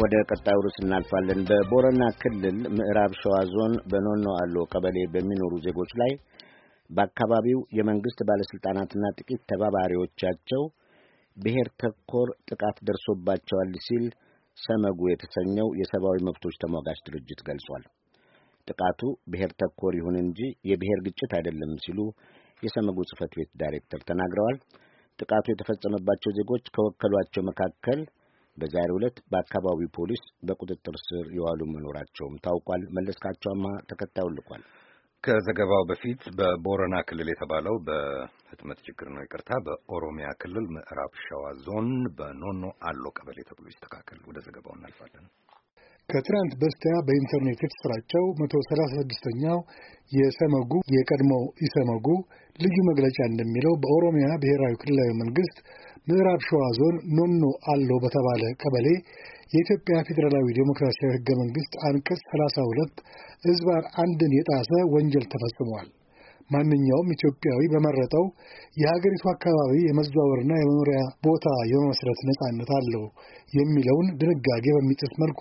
ወደ ቀጣዩ ርዕስ እናልፋለን። በቦረና ክልል ምዕራብ ሸዋ ዞን በኖኖ አሎ ቀበሌ በሚኖሩ ዜጎች ላይ በአካባቢው የመንግሥት ባለሥልጣናትና ጥቂት ተባባሪዎቻቸው ብሔር ተኮር ጥቃት ደርሶባቸዋል ሲል ሰመጉ የተሰኘው የሰብአዊ መብቶች ተሟጋች ድርጅት ገልጿል። ጥቃቱ ብሔር ተኮር ይሁን እንጂ የብሔር ግጭት አይደለም ሲሉ የሰመጉ ጽሕፈት ቤት ዳይሬክተር ተናግረዋል። ጥቃቱ የተፈጸመባቸው ዜጎች ከወከሏቸው መካከል በዛሬው ዕለት በአካባቢው ፖሊስ በቁጥጥር ስር የዋሉ መኖራቸውም ታውቋል። መለስካቸውማ ተከታዩ ልኳል። ከዘገባው በፊት በቦረና ክልል የተባለው በህትመት ችግር ነው፣ ይቅርታ፣ በኦሮሚያ ክልል ምዕራብ ሸዋ ዞን በኖኖ አሎ ቀበሌ ተብሎ ይስተካከል። ወደ ዘገባው እናልፋለን። ከትናንት በስቲያ በኢንተርኔት የተሰራጨው መቶ ሰላሳ ስድስተኛው የሰመጉ የቀድሞው ኢሰመጉ ልዩ መግለጫ እንደሚለው በኦሮሚያ ብሔራዊ ክልላዊ መንግስት ምዕራብ ሸዋ ዞን ኖኖ አሎ በተባለ ቀበሌ የኢትዮጵያ ፌዴራላዊ ዴሞክራሲያዊ ህገ መንግስት አንቀጽ 32 ህዝባር አንድን የጣሰ ወንጀል ተፈጽሟል። ማንኛውም ኢትዮጵያዊ በመረጠው የሀገሪቱ አካባቢ የመዘዋወርና የመኖሪያ ቦታ የመመስረት ነጻነት አለው የሚለውን ድንጋጌ በሚጥስ መልኩ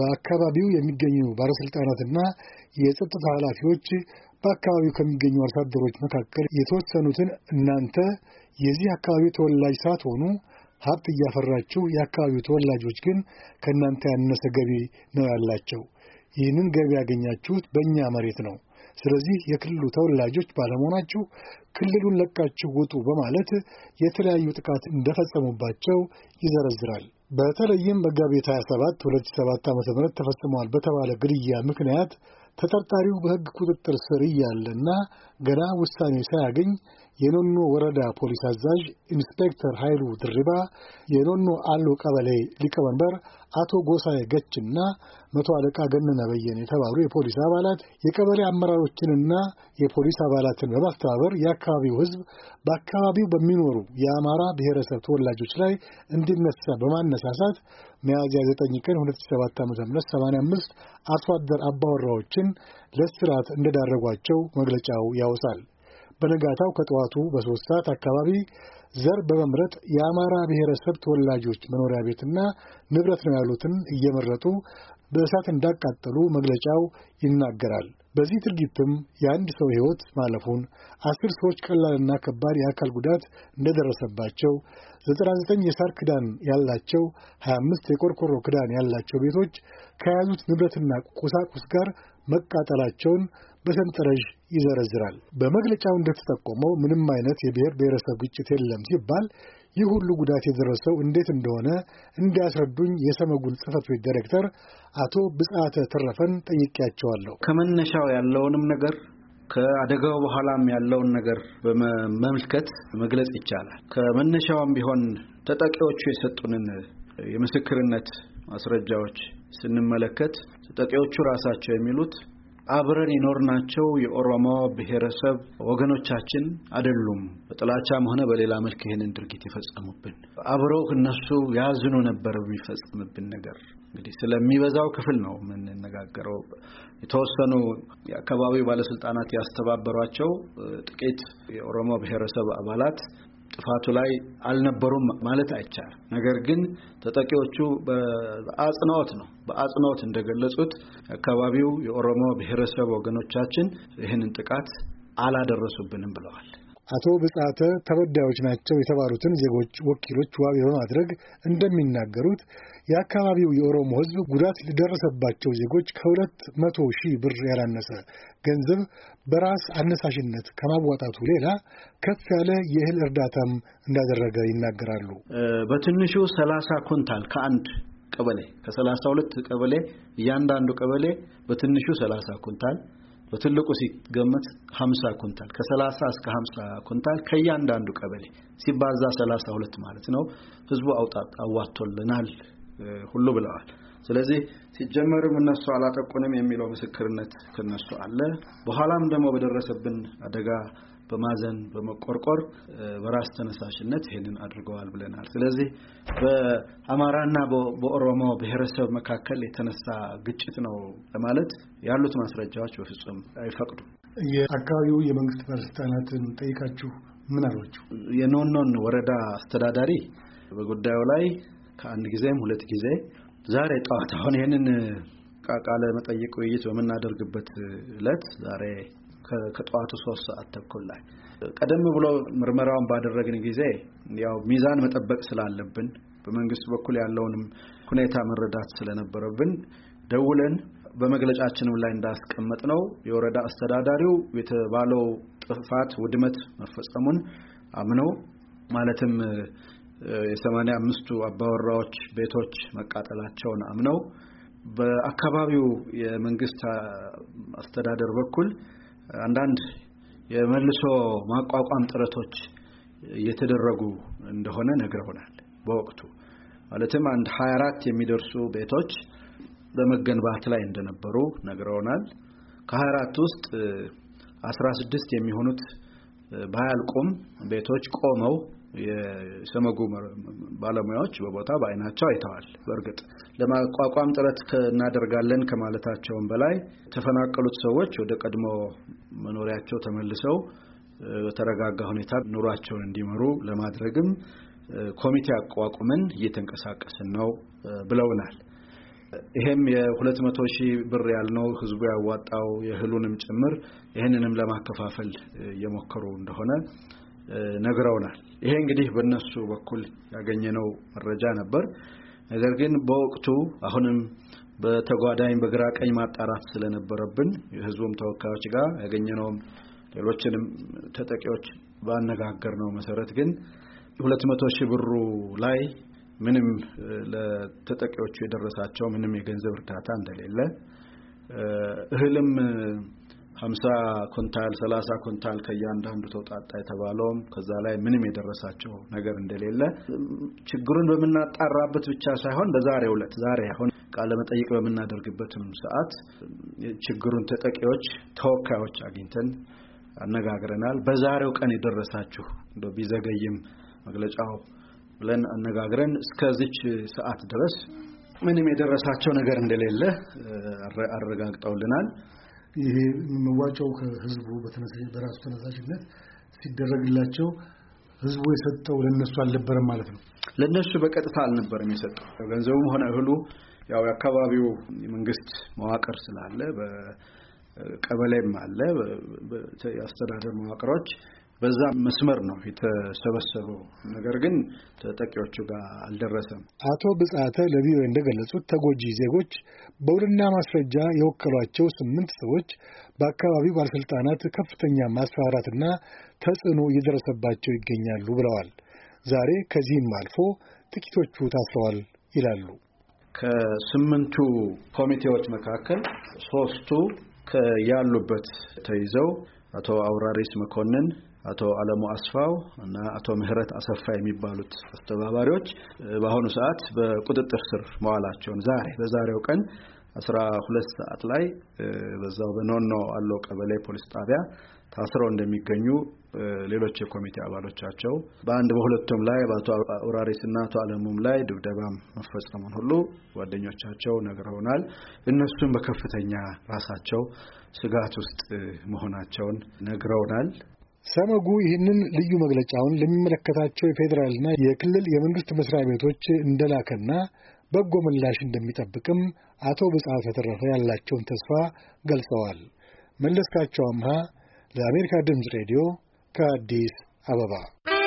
በአካባቢው የሚገኙ ባለሥልጣናትና የጸጥታ ኃላፊዎች በአካባቢው ከሚገኙ አርሶ አደሮች መካከል የተወሰኑትን እናንተ የዚህ አካባቢ ተወላጅ ሳትሆኑ ሀብት እያፈራችሁ የአካባቢው ተወላጆች ግን ከእናንተ ያነሰ ገቢ ነው ያላቸው። ይህንን ገቢ ያገኛችሁት በእኛ መሬት ነው። ስለዚህ የክልሉ ተወላጆች ባለመሆናችሁ ክልሉን ለቃችሁ ውጡ በማለት የተለያዩ ጥቃት እንደፈጸሙባቸው ይዘረዝራል። በተለይም መጋቢት 27 2007 ም ተፈጽመዋል በተባለ ግድያ ምክንያት ተጠርጣሪው በሕግ ቁጥጥር ስር እያለና ገና ውሳኔ ሳያገኝ የኖኖ ወረዳ ፖሊስ አዛዥ ኢንስፔክተር ኃይሉ ድሪባ፣ የኖኖ አሎ ቀበሌ ሊቀመንበር አቶ ጎሳዬ ገችና መቶ አለቃ ገነነ በየነ የተባሉ የፖሊስ አባላት የቀበሌ አመራሮችንና የፖሊስ አባላትን በማስተባበር የአካባቢው ሕዝብ በአካባቢው በሚኖሩ የአማራ ብሔረሰብ ተወላጆች ላይ እንዲነሳ በማነሳሳት ሚያዝያ 9 ቀን 2007 85 አርሶ አደር አባወራዎችን ለእስራት እንደዳረጓቸው መግለጫው ያወሳል። በነጋታው ከጠዋቱ በሶስት ሰዓት አካባቢ ዘር በመምረጥ የአማራ ብሔረሰብ ተወላጆች መኖሪያ ቤትና ንብረት ነው ያሉትን እየመረጡ በእሳት እንዳቃጠሉ መግለጫው ይናገራል። በዚህ ድርጊትም የአንድ ሰው ሕይወት ማለፉን፣ አስር ሰዎች ቀላልና ከባድ የአካል ጉዳት እንደደረሰባቸው፣ 99 የሳር ክዳን ያላቸው 25 የቆርቆሮ ክዳን ያላቸው ቤቶች ከያዙት ንብረትና ቁሳቁስ ጋር መቃጠላቸውን በሰንጠረዥ ይዘረዝራል። በመግለጫው እንደተጠቆመው ምንም አይነት የብሔር ብሔረሰብ ግጭት የለም ሲባል ይህ ሁሉ ጉዳት የደረሰው እንዴት እንደሆነ እንዲያስረዱኝ የሰመጉን ጽፈት ቤት ዳይሬክተር አቶ ብጻተ ተረፈን ጠይቄያቸዋለሁ። ከመነሻው ያለውንም ነገር ከአደጋው በኋላም ያለውን ነገር በመመልከት መግለጽ ይቻላል። ከመነሻውም ቢሆን ተጠቂዎቹ የሰጡንን የምስክርነት ማስረጃዎች ስንመለከት ተጠቂዎቹ ራሳቸው የሚሉት አብረን የኖርናቸው የኦሮሞ ብሔረሰብ ወገኖቻችን አይደሉም በጥላቻም ሆነ በሌላ መልክ ይህንን ድርጊት የፈጸሙብን። አብረው እነሱ ያዝኑ ነበር የሚፈጽምብን ነገር። እንግዲህ ስለሚበዛው ክፍል ነው የምንነጋገረው። የተወሰኑ የአካባቢው ባለስልጣናት ያስተባበሯቸው ጥቂት የኦሮሞ ብሔረሰብ አባላት ጥፋቱ ላይ አልነበሩም ማለት አይቻልም። ነገር ግን ተጠቂዎቹ በአጽንኦት ነው በአጽንኦት እንደገለጹት አካባቢው የኦሮሞ ብሔረሰብ ወገኖቻችን ይህንን ጥቃት አላደረሱብንም ብለዋል። አቶ ብጻተ ተበዳዮች ናቸው የተባሉትን ዜጎች ወኪሎች ዋቢ በማድረግ እንደሚናገሩት የአካባቢው የኦሮሞ ሕዝብ ጉዳት ሊደረሰባቸው ዜጎች ከሁለት መቶ ሺህ ብር ያላነሰ ገንዘብ በራስ አነሳሽነት ከማዋጣቱ ሌላ ከፍ ያለ የእህል እርዳታም እንዳደረገ ይናገራሉ። በትንሹ ሰላሳ ኩንታል ከአንድ ቀበሌ ከሰላሳ ሁለት ቀበሌ እያንዳንዱ ቀበሌ በትንሹ ሰላሳ ኩንታል በትልቁ ሲገመት 50 ኩንታል ከ30 እስከ 50 ኩንታል ከእያንዳንዱ ቀበሌ ሲባዛ 32 ማለት ነው። ህዝቡ አውጣጥ አዋቶልናል ሁሉ ብለዋል። ስለዚህ ሲጀመርም እነሱ አላጠቁንም የሚለው ምስክርነት ከነሱ አለ። በኋላም ደግሞ በደረሰብን አደጋ በማዘን በመቆርቆር በራስ ተነሳሽነት ይሄንን አድርገዋል ብለናል። ስለዚህ በአማራና በኦሮሞ ብሔረሰብ መካከል የተነሳ ግጭት ነው ለማለት ያሉት ማስረጃዎች በፍጹም አይፈቅዱም። የአካባቢው የመንግስት ባለስልጣናትን ጠይቃችሁ ምን አሏችሁ? የኖኖን ወረዳ አስተዳዳሪ በጉዳዩ ላይ ከአንድ ጊዜም ሁለት ጊዜ ዛሬ ጠዋት አሁን ይህንን ቃለ መጠይቅ ውይይት በምናደርግበት እለት? ዛሬ ከጠዋቱ ሶስት ሰዓት ተኩል ላይ ቀደም ብሎ ምርመራውን ባደረግን ጊዜ ያው ሚዛን መጠበቅ ስላለብን በመንግስት በኩል ያለውንም ሁኔታ መረዳት ስለነበረብን ደውለን በመግለጫችንም ላይ እንዳስቀመጥ ነው የወረዳ አስተዳዳሪው የተባለው ጥፋት ውድመት መፈጸሙን አምነው ማለትም የሰማንያ አምስቱ አባወራዎች ቤቶች መቃጠላቸውን አምነው በአካባቢው የመንግስት አስተዳደር በኩል አንዳንድ የመልሶ ማቋቋም ጥረቶች እየተደረጉ እንደሆነ ነግረውናል። በወቅቱ ማለትም አንድ 24 የሚደርሱ ቤቶች በመገንባት ላይ እንደነበሩ ነግረውናል። ከ24 ውስጥ 16 የሚሆኑት ባያልቁም ቤቶች ቆመው የሰመጉ ባለሙያዎች በቦታ በአይናቸው አይተዋል። በእርግጥ ለማቋቋም ጥረት እናደርጋለን ከማለታቸውም በላይ የተፈናቀሉት ሰዎች ወደ ቀድሞ መኖሪያቸው ተመልሰው በተረጋጋ ሁኔታ ኑሯቸውን እንዲመሩ ለማድረግም ኮሚቴ አቋቁመን እየተንቀሳቀስን ነው ብለውናል። ይሄም የሁለት መቶ ሺህ ብር ያልነው ህዝቡ ያዋጣው የእህሉንም ጭምር ይህንንም ለማከፋፈል እየሞከሩ እንደሆነ ነግረውናል። ይሄ እንግዲህ በእነሱ በኩል ያገኘነው መረጃ ነበር። ነገር ግን በወቅቱ አሁንም በተጓዳኝ በግራ ቀኝ ማጣራት ስለነበረብን የህዝቡም ተወካዮች ጋር ያገኘነውም ሌሎችንም ተጠቂዎች ባነጋገር ነው መሰረት ግን ሁለት መቶ ሺህ ብሩ ላይ ምንም ለተጠቂዎቹ የደረሳቸው ምንም የገንዘብ እርዳታ እንደሌለ እህልም ሀምሳ ኩንታል ሰላሳ ኩንታል ከእያንዳንዱ ተውጣጣ የተባለውም ከዛ ላይ ምንም የደረሳቸው ነገር እንደሌለ ችግሩን በምናጣራበት ብቻ ሳይሆን በዛሬው ዕለት ዛሬ አሁን ቃለ መጠይቅ በምናደርግበትም ሰዓት ችግሩን ተጠቂዎች ተወካዮች አግኝተን አነጋግረናል። በዛሬው ቀን የደረሳችሁ ቢዘገይም መግለጫው ብለን አነጋግረን እስከዚች ሰዓት ድረስ ምንም የደረሳቸው ነገር እንደሌለ አረጋግጠውልናል። ይሄ መዋጫው ከህዝቡ በራሱ ተነሳሽነት ሲደረግላቸው ህዝቡ የሰጠው ለነሱ አልነበረም ማለት ነው። ለነሱ በቀጥታ አልነበረም የሰጠው ገንዘቡም ሆነ እህሉ ያው የአካባቢው የመንግስት መዋቅር ስላለ በቀበሌም አለ የአስተዳደር መዋቅሮች በዛ መስመር ነው የተሰበሰበው። ነገር ግን ተጠቂዎቹ ጋር አልደረሰም። አቶ ብጻተ ለቪኦኤ እንደገለጹት ተጎጂ ዜጎች በውልና ማስረጃ የወከሏቸው ስምንት ሰዎች በአካባቢው ባለሥልጣናት ከፍተኛ ማስፈራራትና ተጽዕኖ እየደረሰባቸው ይገኛሉ ብለዋል። ዛሬ ከዚህም አልፎ ጥቂቶቹ ታስረዋል ይላሉ። ከስምንቱ ኮሚቴዎች መካከል ሶስቱ ያሉበት ተይዘው አቶ አውራሪስ መኮንን አቶ አለሙ አስፋው እና አቶ ምህረት አሰፋ የሚባሉት አስተባባሪዎች በአሁኑ ሰዓት በቁጥጥር ስር መዋላቸውን ዛሬ በዛሬው ቀን አስራ ሁለት ሰዓት ላይ በዛው በኖኖ አለው ቀበሌ ፖሊስ ጣቢያ ታስረው እንደሚገኙ ሌሎች የኮሚቴ አባሎቻቸው በአንድ በሁለቱም ላይ በአቶ አውራሪስ እና አቶ አለሙም ላይ ድብደባም መፈጸሙን ሁሉ ጓደኞቻቸው ነግረውናል። እነሱም በከፍተኛ ራሳቸው ስጋት ውስጥ መሆናቸውን ነግረውናል። ሰመጉ ይህንን ልዩ መግለጫውን ለሚመለከታቸው የፌዴራልና የክልል የመንግሥት መስሪያ ቤቶች እንደላከና በጎ ምላሽ እንደሚጠብቅም አቶ ብጻት ተተረፈ ያላቸውን ተስፋ ገልጸዋል። መለስካቸው አምሃ ለአሜሪካ ድምፅ ሬዲዮ ከአዲስ አበባ